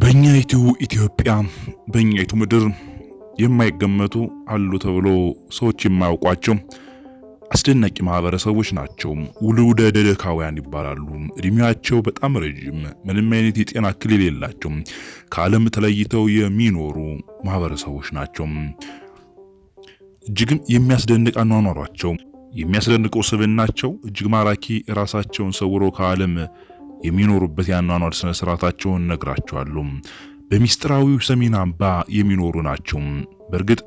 በእኛይቱ ኢትዮጵያ በእኛይቱ ምድር የማይገመቱ አሉ ተብሎ ሰዎች የማያውቋቸው አስደናቂ ማህበረሰቦች ናቸው። ውልውደ ደደካውያን ይባላሉ። እድሜያቸው በጣም ረዥም፣ ምንም አይነት የጤና እክል የሌላቸው ከዓለም ተለይተው የሚኖሩ ማህበረሰቦች ናቸው። እጅግም የሚያስደንቅ አኗኗሯቸው፣ የሚያስደንቀው ስብዕናቸው እጅግ ማራኪ፣ ራሳቸውን ሰውሮ ከዓለም የሚኖሩበት የአኗኗር ስነ ስርዓታቸውን ነግራቸዋለሁ። በሚስጥራዊው ሰሜን አምባ የሚኖሩ ናቸው። በእርግጥ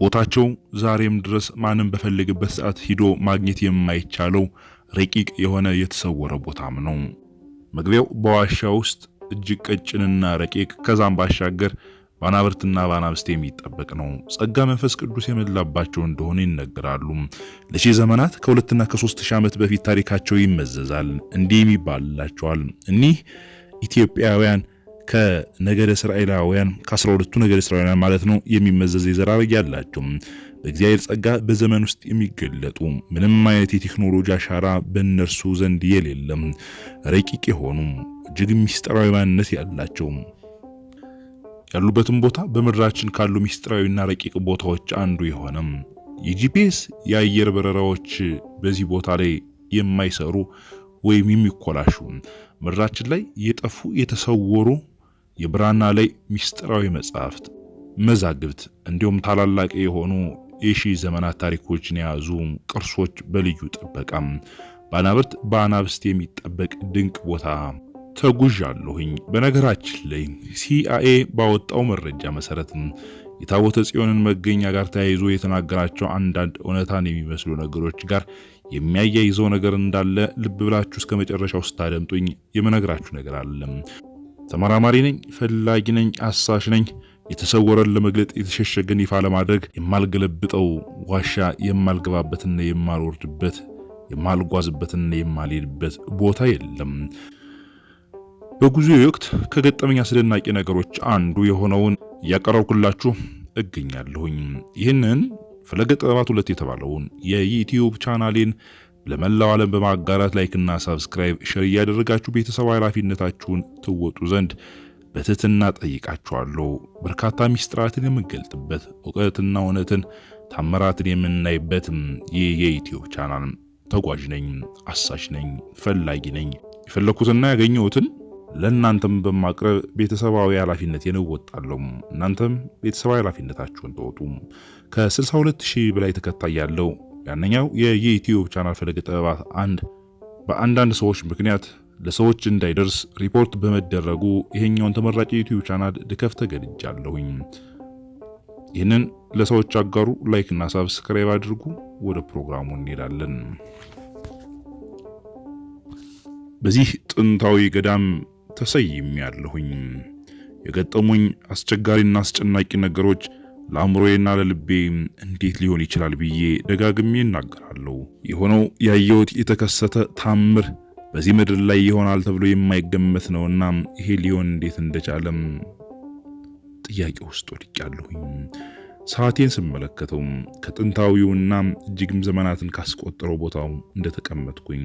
ቦታቸው ዛሬም ድረስ ማንም በፈለገበት ሰዓት ሂዶ ማግኘት የማይቻለው ረቂቅ የሆነ የተሰወረ ቦታም ነው። መግቢያው በዋሻ ውስጥ እጅግ ቀጭንና ረቂቅ ከዛም ባሻገር ባናብርትና ባናብስት የሚጠበቅ ነው። ጸጋ መንፈስ ቅዱስ የመላባቸው እንደሆነ ይነገራሉ። ለሺህ ዘመናት ከሁለትና ከሶስት ሺህ ዓመት በፊት ታሪካቸው ይመዘዛል። እንዲህ ይባልላቸዋል። እኒህ ኢትዮጵያውያን ከነገደ እስራኤላውያን ከአስራ ሁለቱ ነገደ እስራኤላውያን ማለት ነው የሚመዘዝ የዘር ሐረግ ያላቸው በእግዚአብሔር ጸጋ በዘመን ውስጥ የሚገለጡ ምንም አይነት የቴክኖሎጂ አሻራ በእነርሱ ዘንድ የሌለም ረቂቅ የሆኑ እጅግ ምስጢራዊ ማንነት ያላቸው ያሉበትም ቦታ በምድራችን ካሉ ሚስጥራዊና ረቂቅ ቦታዎች አንዱ የሆነም የጂፒኤስ የአየር በረራዎች በዚህ ቦታ ላይ የማይሰሩ ወይም የሚኮላሹ ምድራችን ላይ የጠፉ የተሰወሩ የብራና ላይ ሚስጥራዊ መጻሕፍት፣ መዛግብት እንዲሁም ታላላቅ የሆኑ የሺ ዘመናት ታሪኮችን የያዙ ቅርሶች በልዩ ጥበቃ በአናብርት በአናብስት የሚጠበቅ ድንቅ ቦታ ተጉዣለሁኝ። በነገራችን ላይ ሲአይኤ ባወጣው መረጃ መሰረት የታቦተ ጽዮንን መገኛ ጋር ተያይዞ የተናገራቸው አንዳንድ እውነታን የሚመስሉ ነገሮች ጋር የሚያያይዘው ነገር እንዳለ ልብ ብላችሁ እስከ መጨረሻው ስታደምጡኝ የምነግራችሁ ነገር አለም። ተመራማሪ ነኝ፣ ፈላጊ ነኝ፣ አሳሽ ነኝ። የተሰወረን ለመግለጥ የተሸሸገን ይፋ ለማድረግ የማልገለብጠው ዋሻ የማልገባበትና የማልወርድበት የማልጓዝበትና የማልሄድበት ቦታ የለም። በጉዞ ወቅት ከገጠመኝ አስደናቂ ነገሮች አንዱ የሆነውን እያቀረብኩላችሁ እገኛለሁኝ። ይህንን ፈለገ ጥበባት ሁለት የተባለውን የዩቲዩብ ቻናሌን ለመላው ዓለም በማጋራት ላይክና ሰብስክራይብ ሸር እያደረጋችሁ ቤተሰብ ኃላፊነታችሁን ትወጡ ዘንድ በትህትና ጠይቃችኋለሁ። በርካታ ሚስጥራትን የምንገልጥበት እውቀትና እውነትን ታምራትን የምናይበት ይህ የዩቲዩብ ቻናል ተጓዥ ነኝ፣ አሳሽ ነኝ፣ ፈላጊ ነኝ። የፈለግኩትና ያገኘሁትን ለእናንተም በማቅረብ ቤተሰባዊ ኃላፊነቴን እወጣለሁ። እናንተም ቤተሰባዊ ኃላፊነታችሁን ተወጡ። ከ62000 በላይ ተከታይ ያለው ያነኛው የዩቲዩብ ቻናል ፈለገ ጥበባት አንድ በአንዳንድ ሰዎች ምክንያት ለሰዎች እንዳይደርስ ሪፖርት በመደረጉ ይሄኛውን ተመራጭ የዩቲዩብ ቻናል ድከፍ ተገድጃለሁኝ። ይህንን ለሰዎች አጋሩ፣ ላይክ እና ሳብስክራይብ አድርጉ። ወደ ፕሮግራሙ እንሄዳለን። በዚህ ጥንታዊ ገዳም ተሰይሜያለሁኝ። የገጠሙኝ አስቸጋሪና አስጨናቂ ነገሮች ለአእምሮዬና ለልቤ እንዴት ሊሆን ይችላል ብዬ ደጋግሜ እናገራለሁ። የሆነው ያየሁት የተከሰተ ታምር በዚህ ምድር ላይ ይሆናል ተብሎ የማይገመት ነውና ይሄ ሊሆን እንዴት እንደቻለም ጥያቄ ውስጥ ወድቄያለሁኝ። ሰዓቴን ስመለከተው ከጥንታዊውና እጅግም ዘመናትን ካስቆጠረው ቦታው እንደተቀመጥኩኝ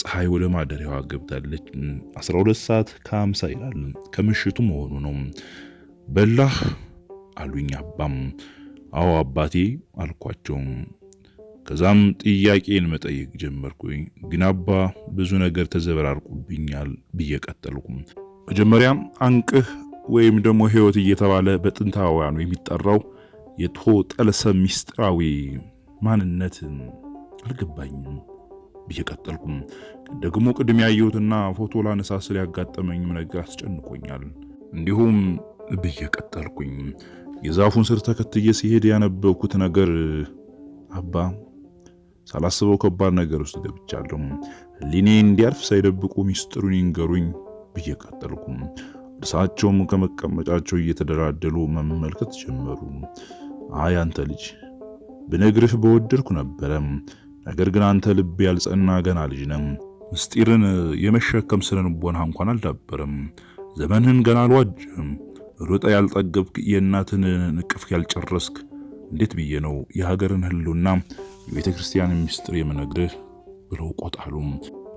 ፀሐይ ወደ ማደሪያዋ ገብታለች። 12 ሰዓት ከ50 ይላል ከምሽቱ መሆኑ ነው። በላህ አሉኝ አባም። አዎ አባቴ አልኳቸው። ከዛም ጥያቄን መጠየቅ ጀመርኩኝ። ግን አባ ብዙ ነገር ተዘበራርቁብኛል ብዬ ቀጠልኩ መጀመሪያም አንቅህ ወይም ደግሞ ህይወት እየተባለ በጥንታውያኑ የሚጠራው የተጠለሰ ሚስጥራዊ ማንነት አልገባኝም ብዬ ቀጠልኩም። ደግሞ ቅድም ያየሁትና ፎቶ ላነሳ ስል ያጋጠመኝም ነገር አስጨንቆኛል። እንዲሁም ብዬ ቀጠልኩኝ። የዛፉን ስር ተከትዬ ሲሄድ ያነበብኩት ነገር አባ ሳላስበው ከባድ ነገር ውስጥ ገብቻለሁ። ህሊኔ እንዲያርፍ ሳይደብቁ ሚስጥሩን ይንገሩኝ ብዬ ቀጠልኩ። እርሳቸውም ከመቀመጫቸው እየተደራደሉ መመልከት ጀመሩ። አይ አንተ ልጅ ብነግርህ በወደድኩ ነበረም፣ ነገር ግን አንተ ልብ ያልጸና ገና ልጅ ነህ። ምስጢርን የመሸከም ስነልቦና እንኳን አልዳበረም። ዘመንህን ገና አልዋጅም። ሮጠ ያልጠገብክ የእናትን ንቅፍ ያልጨረስክ እንዴት ብዬ ነው የሀገርን ህልውና የቤተ ክርስቲያን ምስጢር የምነግርህ ብለው ቆጣሉ።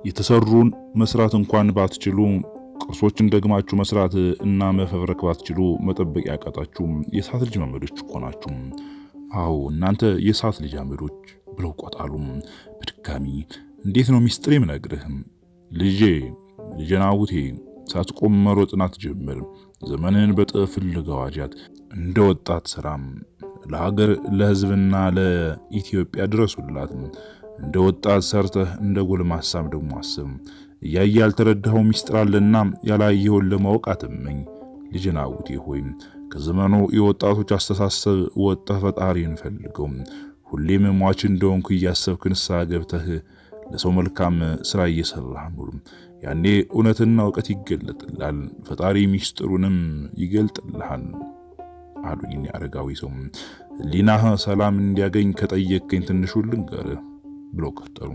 የተሰሩን መስራት እንኳን ባትችሉ ቅርሶችን ደግማችሁ መስራት እና መፈብረክ ባትችሉ መጠበቅ ያቃጣችሁ የእሳት ልጅ አመዶች እኮ ናችሁ። አዎ እናንተ የእሳት ልጅ አመዶች ብለው ቆጣሉም። በድጋሚ እንዴት ነው ሚስጥር የምነግርህም? ልጄ ልጀናውቴ ሳትቆም መሮጥን አትጀምር። ዘመንን በጥፍ ልገዋጃት እንደ ወጣት ስራም ለሀገር ለህዝብና ለኢትዮጵያ ድረሱላት። እንደ ወጣት ሰርተህ እንደ ጎልማሳም ደግሞ አስብ። እያየ ያልተረዳኸው ሚስጥር አለና ያላየውን ለማወቅ አትመኝ። ልጅን አውቴ ሆይ ከዘመኑ የወጣቶች አስተሳሰብ ወጣ ፈጣሪን ፈልገው። ሁሌም ሟች እንደሆንኩ እያሰብክ ንስሐ ገብተህ ለሰው መልካም ስራ እየሰራህ ኑር። ያኔ እውነትና እውቀት ይገለጥላል፣ ፈጣሪ ሚስጥሩንም ይገልጥልሃል አሉኝ። አረጋዊ ሰው ህሊናህ ሰላም እንዲያገኝ ከጠየቅከኝ ትንሹ ልንገርህ ብሎ ቀጠሉ።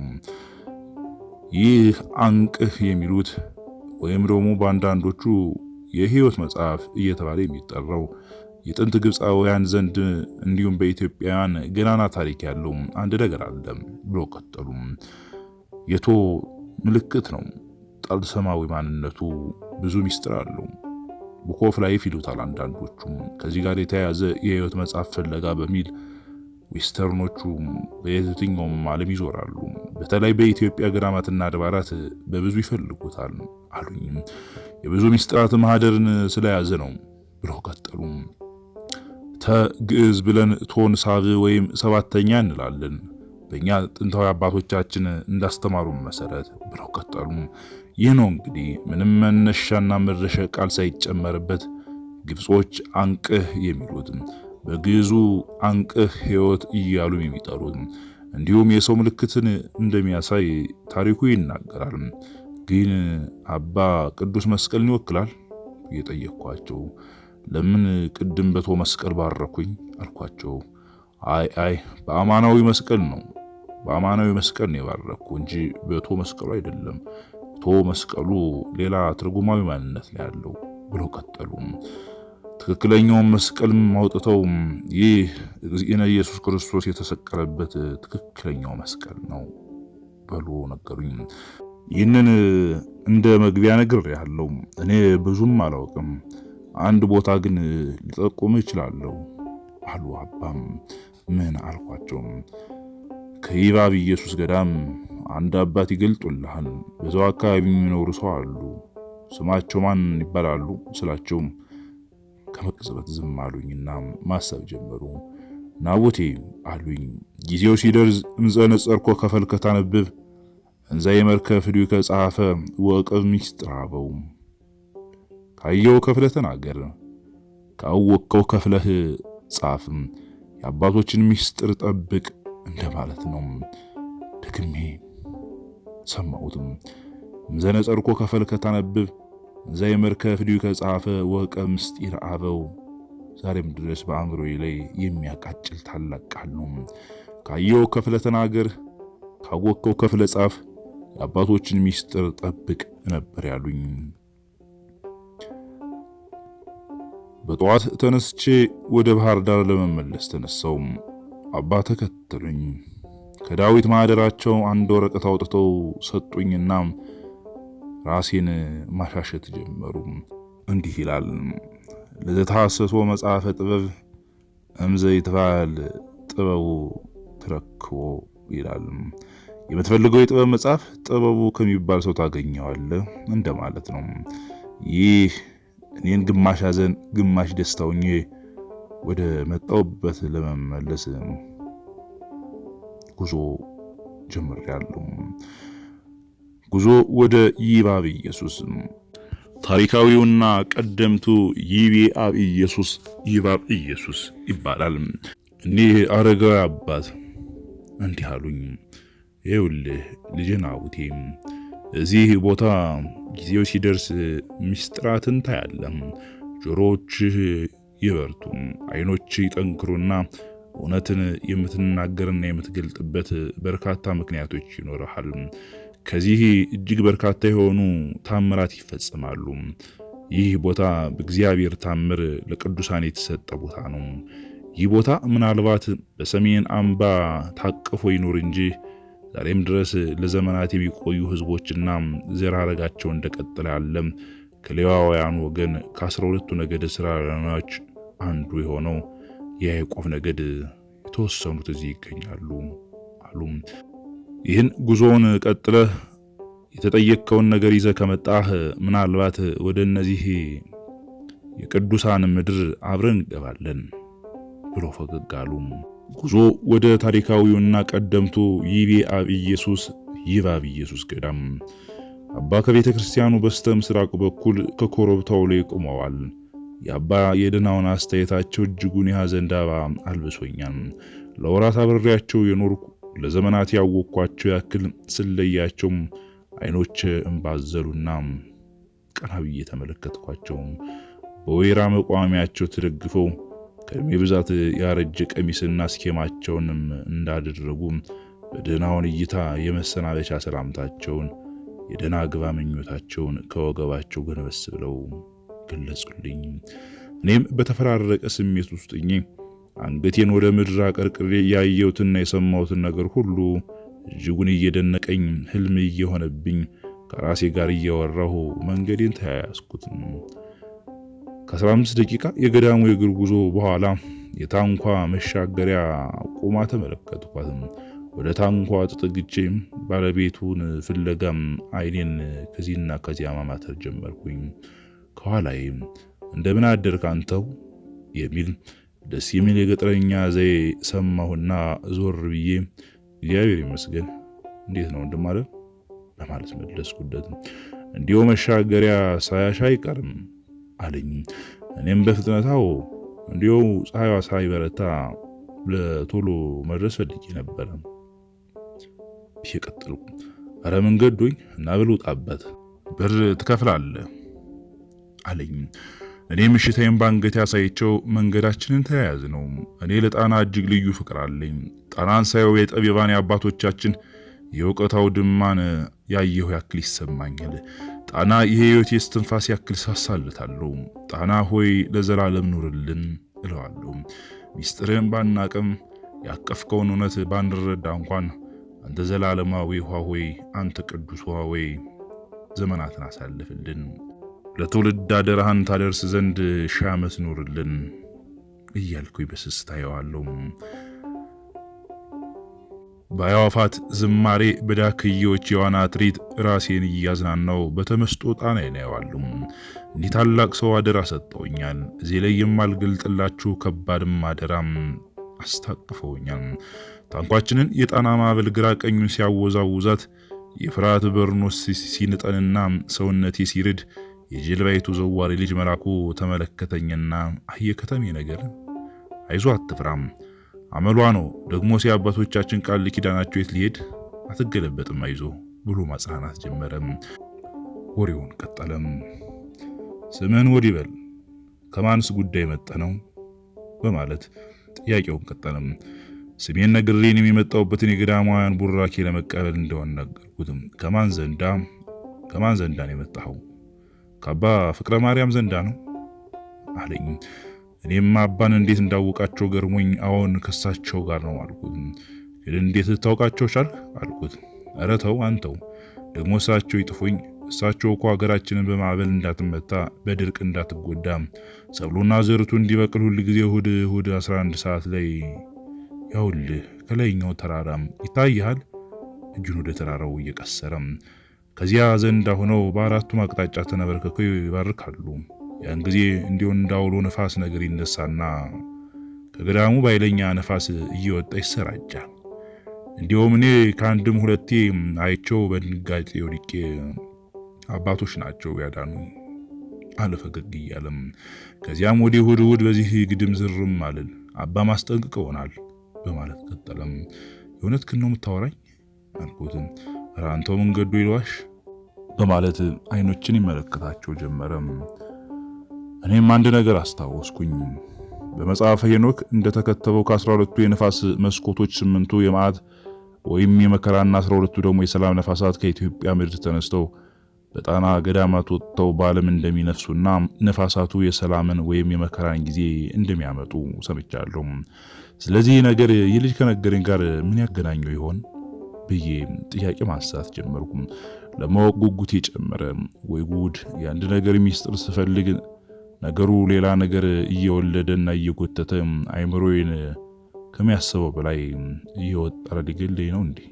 ይህ አንቅህ የሚሉት ወይም ደግሞ በአንዳንዶቹ የህይወት መጽሐፍ እየተባለ የሚጠራው የጥንት ግብፃውያን ዘንድ እንዲሁም በኢትዮጵያውያን ገናና ታሪክ ያለው አንድ ነገር አለ ብሎ ቀጠሉም። የቶ ምልክት ነው። ጣል ሰማዊ ማንነቱ ብዙ ሚስጥር አለው። ቡክ ኦፍ ላይፍ ይሉታል አንዳንዶቹም። ከዚህ ጋር የተያያዘ የህይወት መጽሐፍ ፍለጋ በሚል ዌስተርኖቹ በየትኛውም ዓለም ይዞራሉ። በተለይ በኢትዮጵያ ገዳማትና አድባራት በብዙ ይፈልጉታል አሉኝ። የብዙ ሚስጥራት ማህደርን ስለያዘ ነው ብለው ቀጠሉ። ተግዕዝ ብለን ቶን ሳብ ወይም ሰባተኛ እንላለን በእኛ ጥንታዊ አባቶቻችን እንዳስተማሩ መሰረት ብለው ቀጠሉ። ይህ ነው እንግዲህ ምንም መነሻና መድረሻ ቃል ሳይጨመርበት ግብጾች አንቅህ የሚሉት በግዕዙ አንቀህ ሕይወት እያሉም የሚጠሩት እንዲሁም የሰው ምልክትን እንደሚያሳይ ታሪኩ ይናገራል። ግን አባ ቅዱስ መስቀልን ይወክላል የጠየቅኳቸው። ለምን ቅድም በቶ መስቀል ባረኩኝ አልኳቸው። አይ አይ በአማናዊ መስቀል ነው በአማናዊ መስቀል ነው የባረኩ እንጂ በቶ መስቀሉ አይደለም። ቶ መስቀሉ ሌላ ትርጉማዊ ማንነት ላይ ያለው ብለው ቀጠሉ። ትክክለኛውን መስቀልም አውጥተው ይህ እግዚእነ ኢየሱስ ክርስቶስ የተሰቀለበት ትክክለኛው መስቀል ነው በሎ ነገሩኝ። ይህንን እንደ መግቢያ ነገር ያለው እኔ ብዙም አላውቅም። አንድ ቦታ ግን ሊጠቁም ይችላለሁ አሉ አባም። ምን አልኳቸው ከይባብ ኢየሱስ ገዳም አንድ አባት ይገልጡልሃል። በዛው አካባቢ የሚኖሩ ሰው አሉ። ስማቸው ማን ይባላሉ ስላቸውም ከመቅጽበት ዝም አሉኝና ማሰብ ጀመሩ። ናቡቴ አሉኝ፣ ጊዜው ሲደርስ እምጸነጸርኮ ከፈል ከታነብብ እንዛይ መርከብ ፍዲው ከጻፈ ሚስጥር ሚስጥራበው ካየው ከፍለ ተናገር፣ ካወቀው ከፍለህ ጻፍ፣ የአባቶችን ሚስጥር ጠብቅ እንደማለት ነው። ደግሜ ሰማሁትም እምዘነጸርኮ ከፈል ከታነብብ ዘይመርከብ ዲዩ ከጻፈ ወቀ ምስጢር አበው ዛሬም ድረስ በአእምሮዬ ላይ የሚያቃጭል ታላቅ ቃል ነው። ካየው ከፍለ ተናገር፣ ካወቀው ከፍለ ጻፍ፣ የአባቶችን ሚስጥር ጠብቅ ነበር ያሉኝ። በጠዋት ተነስቼ ወደ ባህር ዳር ለመመለስ ተነሳው። አባ ተከተሉኝ። ከዳዊት ማህደራቸው አንድ ወረቀት አውጥተው ሰጡኝና ራሴን ማሻሸት ጀመሩ። እንዲህ ይላል ለተሐሰሶ መጽሐፈ ጥበብ እምዘ ይትባል ጥበቡ ትረክቦ ይላል። የምትፈልገው የጥበብ መጽሐፍ ጥበቡ ከሚባል ሰው ታገኘዋለህ እንደማለት ነው። ይህ እኔን ግማሽ ሐዘን ግማሽ ደስታውኝ ወደ መጣውበት ለመመለስ ጉዞ ጀምሬያለሁ። ጉዞ ወደ ይባብ ኢየሱስ ታሪካዊውና ቀደምቱ አብ ኢየሱስ ይባብ ኢየሱስ ይባላል። እኒህ አረጋዊ አባት እንዲህ አሉኝ፣ ይውልህ ልጅን አቡቴ እዚህ ቦታ ጊዜው ሲደርስ ሚስጥራትን ታያለም። ጆሮዎችህ ይበርቱ፣ አይኖች ይጠንክሩና እውነትን የምትናገርና የምትገልጥበት በርካታ ምክንያቶች ይኖርሃል። ከዚህ እጅግ በርካታ የሆኑ ታምራት ይፈጸማሉ። ይህ ቦታ በእግዚአብሔር ታምር ለቅዱሳን የተሰጠ ቦታ ነው። ይህ ቦታ ምናልባት በሰሜን አምባ ታቅፎ ይኖር እንጂ ዛሬም ድረስ ለዘመናት የሚቆዩ ህዝቦችና ዘር ሐረጋቸው እንደቀጠለ ያለ ከሌዋውያን ወገን ከአስራ ሁለቱ ነገድ እስራኤላውያኖች አንዱ የሆነው የያዕቆብ ነገድ የተወሰኑት እዚህ ይገኛሉ አሉም። ይህን ጉዞውን ቀጥለህ የተጠየቅከውን ነገር ይዘህ ከመጣህ ምናልባት ወደ እነዚህ የቅዱሳን ምድር አብረን እንገባለን ብሎ ፈገግ አሉ። ጉዞ ወደ ታሪካዊውና ቀደምቱ ይቤ አብ ኢየሱስ ይባብ ኢየሱስ ገዳም አባ ከቤተ ክርስቲያኑ በስተ ምስራቁ በኩል ከኮረብታው ላይ ቆመዋል። የአባ የደህናውን አስተያየታቸው እጅጉን ያዘንዳባ አልብሶኛል። ለወራት አብሬያቸው የኖርኩ ለዘመናት ያወቅኳቸው ያክል ስለያቸውም አይኖች እምባዘሉና ቀና ብዬ ተመለከትኳቸውም። በወይራ መቋሚያቸው ተደግፈው ከእድሜ ብዛት ያረጀ ቀሚስና ስኬማቸውንም እንዳደረጉ በደህናውን እይታ የመሰናበቻ ሰላምታቸውን የደህና ግባ ምኞታቸውን ከወገባቸው ገነበስ ብለው ገለጹልኝ። እኔም በተፈራረቀ ስሜት ውስጥ አንገቴን ወደ ምድር አቀርቅሬ ያየሁትና የሰማሁትን ነገር ሁሉ እጅጉን እየደነቀኝ ህልም እየሆነብኝ ከራሴ ጋር እያወራሁ መንገዴን ተያያዝኩት። ከ15 ደቂቃ የገዳሙ የእግር ጉዞ በኋላ የታንኳ መሻገሪያ ቆማ ተመለከትኳትም። ወደ ታንኳ ተጠግቼ ባለቤቱን ፍለጋም አይኔን ከዚህና ከዚያ ማማተር ጀመርኩኝ። ከኋላዬ እንደምን አደርክ አንተው የሚል ደስ የሚል የገጠረኛ ዘዬ ሰማሁና ዞር ብዬ እግዚአብሔር ይመስገን እንዴት ነው ወንድም አለ በማለት መለስኩለት። እንዲሁ መሻገሪያ ሳያሻ አይቀርም አለኝ። እኔም በፍጥነታው እንዲሁ ፀሐይዋ ሳይበረታ ለቶሎ መድረስ ፈልጌ ነበረ እየቀጠልኩ አረ መንገዶኝ እና ብልውጣበት ብር ትከፍላለህ አለኝ። እኔ ምሽታዬን ባንገት ያሳየቸው መንገዳችንን ተያያዝ ነው። እኔ ለጣና እጅግ ልዩ ፍቅር አለኝ። ጣናን ሳየው የጠቢባን አባቶቻችን የእውቀት አውድማን ያየሁ ያክል ይሰማኛል። ጣና የህይወት የስትንፋስ ያክል ሳሳልታለሁ። ጣና ሆይ ለዘላለም ኑርልን እለዋለሁ። ሚስጥርህን ባናቅም ያቀፍከውን እውነት ባንረዳ እንኳን አንተ ዘላለማዊ ውሃ ሆይ አንተ ቅዱስ ውሃ ሆይ ዘመናትን አሳልፍልን። ለትውልድ አደራህን ታደርስ ዘንድ ሺህ ዓመት ኑርልን እያልኩኝ በስስት አየዋለሁ። በአዕዋፋት ዝማሬ በዳክዬዎች የዋና ትርኢት ራሴን እያዝናናው በተመስጦ ጣና አየዋለሁ። እንዲህ ታላቅ ሰው አደራ ሰጠውኛል። እዚህ ላይ የማልገልጥላችሁ ከባድም አደራም አስታቅፈውኛል። ታንኳችንን የጣና ማዕበል ግራ ቀኙን ሲያወዛውዛት የፍርሃት በርኖስ ሲንጠንና ሰውነቴ ሲርድ የጀልባይቱ ዘዋሪ ልጅ መልአኩ ተመለከተኝና አየ ከተሜ ነገር አይዞ አትፍራም፣ አመሏ ነው ደግሞ ሲያባቶቻችን ቃል ኪዳናቸው የት ሊሄድ አትገለበጥም፣ አይዞ ብሎ ማጽናናት ጀመረም። ወሬውን ቀጠለም። ስምህን ወዲ በል ከማንስ ጉዳይ መጣ ነው በማለት ጥያቄውን ቀጠለም። ስሜን ነግሬን የሚመጣውበትን የገዳማውያን ቡራኬ ለመቀበል እንደሆነ ነገርኩትም። ከማን ዘንዳ ከማን ዘንዳ ነው የመጣኸው ከአባ ፍቅረ ማርያም ዘንዳ ነው አለኝ። እኔም አባን እንዴት እንዳወቃቸው ገርሞኝ አዎን ከሳቸው ጋር ነው አልኩት። ግን እንዴት ልታውቃቸው ቻልክ አልኩት። ኧረ ተው አንተው ደግሞ እሳቸው ይጥፉኝ። እሳቸው እኮ ሀገራችንን በማዕበል እንዳትመታ በድርቅ እንዳትጎዳ ሰብሎና ዘርቱ እንዲበቅል ሁል ጊዜ እሁድ እሁድ 11 ሰዓት ላይ ያውልህ ከላይኛው ተራራም ይታይሃል እጁን ወደ ተራራው እየቀሰረም ከዚያ ዘንዳ ሆነው በአራቱም አቅጣጫ ተንበርክከው ይባርካሉ። ያን ጊዜ እንዲሁ እንዳውሎ ነፋስ ነገር ይነሳና ከገዳሙ ባይለኛ ነፋስ እየወጣ ይሰራጫል። እንዲሁም እኔ ከአንድም ሁለቴ አይቸው በድንጋጤ ወድቄ አባቶች ናቸው ያዳኑ አለ ፈገግ እያለም። ከዚያም ወዲህ እሑድ እሑድ በዚህ ግድም ዝርም አልል አባ ሆናል በማለት ቀጠለም። የእውነት ክነው ነው የምታወራኝ አልኩትም። አንተ መንገዱ ይሏሽ በማለት አይኖችን ይመለከታቸው ጀመረም። እኔም አንድ ነገር አስታወስኩኝ። በመጽሐፈ ሄኖክ እንደተከተበው ከአስራ ሁለቱ የነፋስ መስኮቶች ስምንቱ የመዓት ወይም የመከራና አስራ ሁለቱ ደግሞ የሰላም ነፋሳት ከኢትዮጵያ ምድር ተነስተው በጣና ገዳማት ወጥተው በዓለም እንደሚነፍሱና ነፋሳቱ የሰላምን ወይም የመከራን ጊዜ እንደሚያመጡ ሰምቻለሁ። ስለዚህ ነገር የልጅ ከነገረኝ ጋር ምን ያገናኘው ይሆን? ብዬ ጥያቄ ማንሳት ጀመርኩ። ለማወቅ ጉጉቴ ጨመረ። ወይ ጉድ! የአንድ ነገር ሚስጥር ስፈልግ ነገሩ ሌላ ነገር እየወለደና እየጎተተ አይምሮዬን ከሚያስበው በላይ እየወጠረ ሊገለኝ ነው እንዲህ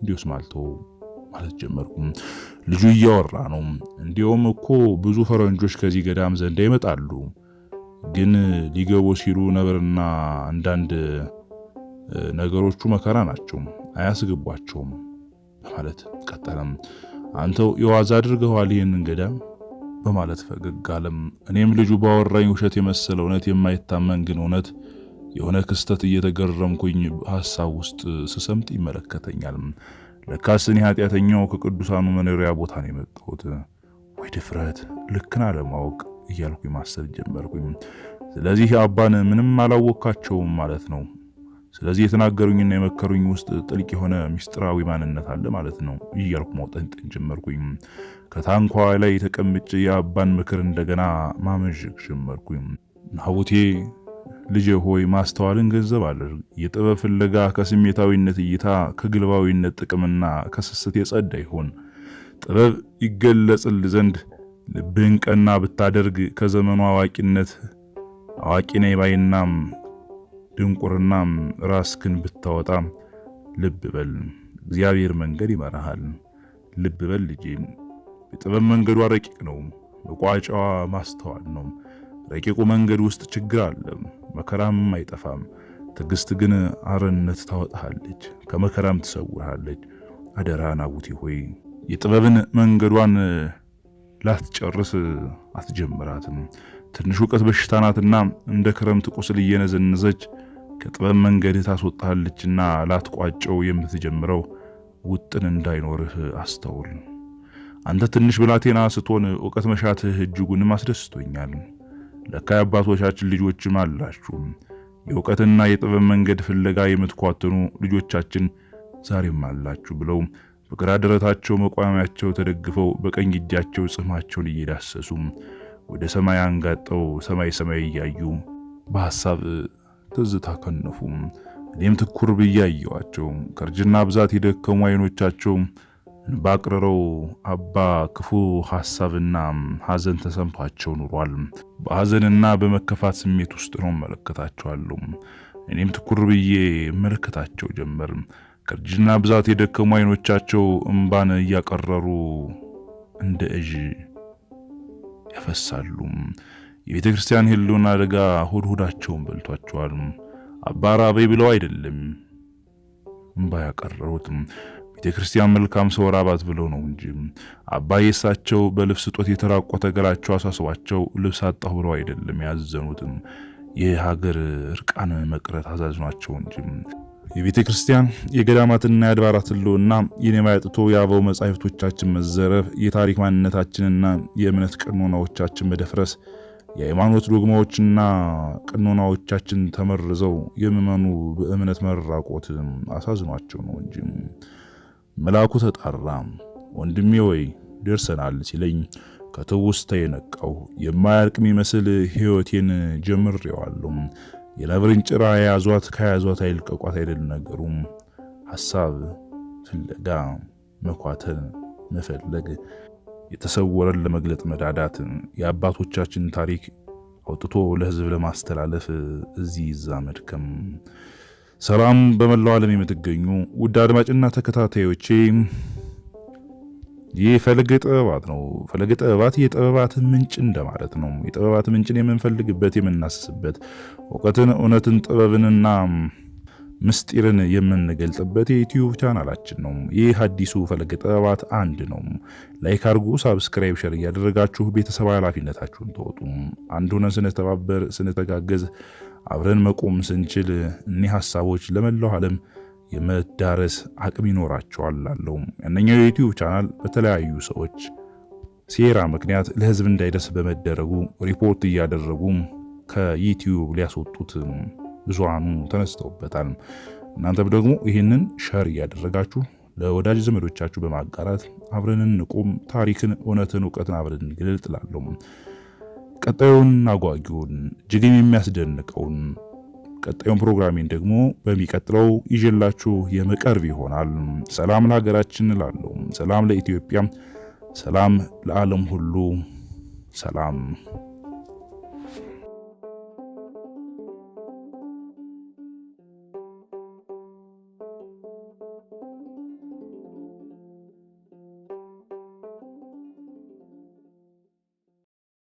እንዲሁስ ማልቶ ማለት ጀመርኩ። ልጁ እያወራ ነው። እንዲያውም እኮ ብዙ ፈረንጆች ከዚህ ገዳም ዘንዳ ይመጣሉ፣ ግን ሊገቡ ሲሉ ነበርና አንዳንድ ነገሮቹ መከራ ናቸው፣ አያስገቧቸውም በማለት ቀጠለም። አንተው የዋዛ አድርገዋል ይህንን ገዳም በማለት ፈገግ አለም። እኔም ልጁ ባወራኝ ውሸት የመሰለ እውነት የማይታመን ግን እውነት የሆነ ክስተት እየተገረምኩኝ ሀሳብ ውስጥ ስሰምጥ ይመለከተኛል። ለካስ እኔ ኃጢአተኛው ከቅዱሳኑ መኖሪያ ቦታ ነው የመጣሁት። ወይ ድፍረት፣ ልክን አለማወቅ እያልኩኝ ማሰብ ጀመርኩኝ። ስለዚህ አባን ምንም አላወቅካቸውም ማለት ነው ስለዚህ የተናገሩኝና የመከሩኝ ውስጥ ጥልቅ የሆነ ሚስጥራዊ ማንነት አለ ማለት ነው እያልኩ ማውጠንጠን ጀመርኩኝ። ከታንኳ ላይ ተቀምጬ የአባን ምክር እንደገና ማመዥግ ጀመርኩኝ። ናቡቴ ልጄ ሆይ ማስተዋልን ገንዘብ አድርግ። የጥበብ ፍለጋ ከስሜታዊነት እይታ፣ ከግልባዊነት ጥቅምና ከስስት የጸዳ ይሆን። ጥበብ ይገለጽል ዘንድ ልብህን ቀና ብታደርግ ከዘመኑ አዋቂነት አዋቂ ነይ ባይናም ድንቁርና ራስክን ብታወጣ ልብ በል እግዚአብሔር መንገድ ይመራሃል። ልብ በል ልጄ፣ የጥበብ መንገዷ ረቂቅ ነው፣ መቋጫዋ ማስተዋል ነው። ረቂቁ መንገድ ውስጥ ችግር አለ፣ መከራም አይጠፋም። ትዕግስት ግን አርነት ታወጣሃለች፣ ከመከራም ትሰውርሃለች። አደራ ናቡቴ ሆይ የጥበብን መንገዷን ላትጨርስ አትጀምራትም። ትንሽ እውቀት በሽታ ናትና እንደ ክረምት ቁስል እየነዘነዘች ከጥበብ መንገድህ ታስወጣሃለችና ላትቋጨው የምትጀምረው ውጥን እንዳይኖርህ አስተውል። አንተ ትንሽ ብላቴና ስትሆን እውቀት መሻትህ እጅጉንም አስደስቶኛል። ለካ አባቶቻችን ልጆችም አላችሁ የእውቀትና የጥበብ መንገድ ፍለጋ የምትኳትኑ ልጆቻችን ዛሬም አላችሁ ብለው በግራ ደረታቸው መቋሚያቸው ተደግፈው በቀኝ እጃቸው ጽማቸውን እየዳሰሱ ወደ ሰማይ አንጋጠው ሰማይ ሰማይ እያዩ በሐሳብ ትዝታ ከነፉ። እኔም ትኩር ብዬ አየኋቸው። ከእርጅና ብዛት የደከሙ አይኖቻቸው ባቅርረው አባ ክፉ ሐሳብና ሐዘን ተሰምቷቸው ኑሯል። በሐዘንና በመከፋት ስሜት ውስጥ ነው እመለከታቸዋለሁ። እኔም ትኩር ብዬ መለከታቸው ጀመር። ከእርጅና ብዛት የደከሙ አይኖቻቸው እምባን እያቀረሩ እንደ እዥ ያፈሳሉ። የቤተ ክርስቲያን ሕልውና አደጋ ሆድ ሆዳቸውን በልቷቸዋል። አባ ብለው አይደለም እምባ ያቀረሩትም ቤተ ክርስቲያን መልካም ሰው ራባት ብለው ነው እንጂ አባ የሳቸው በልብስ እጦት የተራቆተ ገላቸው አሳስባቸው ልብስ አጣሁ ብለው አይደለም ያዘኑትም የሀገር እርቃን መቅረት አዛዝኗቸው እንጂ የቤተ ክርስቲያን የገዳማትና የአድባራት ሕልውና የኔማ ያጥቶ የአበው መጻሕፍቶቻችን መዘረፍ፣ የታሪክ ማንነታችንና የእምነት ቀኖናዎቻችን መደፍረስ የሃይማኖት ዶግማዎችና ቀኖናዎቻችን ተመርዘው የሚመኑ በእምነት መራቆት አሳዝኗቸው ነው እንጂ። መልአኩ ተጣራ። ወንድሜ ወይ ደርሰናል ሲለኝ ከትውስታ የነቃው የማያልቅ የሚመስል ህይወቴን ጀምሬዋለሁ። የነብርን ጭራ የያዟት ከያዟት አይልቀቋት አይደል ነገሩ። ሀሳብ ፍለጋ መኳተን መፈለግ የተሰወረን ለመግለጥ መዳዳት የአባቶቻችን ታሪክ አውጥቶ ለህዝብ ለማስተላለፍ እዚህ ይዛ መድከም። ሰላም በመላው ዓለም የምትገኙ ውድ አድማጭና ተከታታዮቼ ይህ ፈለገ ጥበባት ነው። ፈለገ ጥበባት የጥበባት ምንጭ እንደማለት ነው። የጥበባት ምንጭን የምንፈልግበት የምናስስበት እውቀትን፣ እውነትን፣ ጥበብንና ምስጢርን የምንገልጥበት የዩቲዩብ ቻናላችን ነው። ይህ አዲሱ ፈለገ ጥበባት አንድ ነው። ላይክ አርጉ፣ ሳብስክራይብ፣ ሸር እያደረጋችሁ ቤተሰብ ኃላፊነታችሁን ተወጡ። አንድ ሆነን ስንተባበር፣ ስንተጋገዝ፣ አብረን መቆም ስንችል እኒህ ሀሳቦች ለመላው ዓለም የመዳረስ አቅም ይኖራቸዋል አለው። ያነኛው የዩቲዩብ ቻናል በተለያዩ ሰዎች ሴራ ምክንያት ለህዝብ እንዳይደርስ በመደረጉ ሪፖርት እያደረጉ ከዩቲዩብ ሊያስወጡት ብዙሃኑ ተነስተውበታል። እናንተም ደግሞ ይህንን ሸር እያደረጋችሁ ለወዳጅ ዘመዶቻችሁ በማጋራት አብረን እንቁም። ታሪክን፣ እውነትን፣ እውቀትን አብረን እንግልጥ እላለሁ። ቀጣዩን አጓጊውን እጅግም የሚያስደንቀውን ቀጣዩን ፕሮግራሜን ደግሞ በሚቀጥለው ይዤላችሁ የመቀርብ ይሆናል። ሰላም ለሀገራችን እላለሁ። ሰላም ለኢትዮጵያ፣ ሰላም ለዓለም ሁሉ፣ ሰላም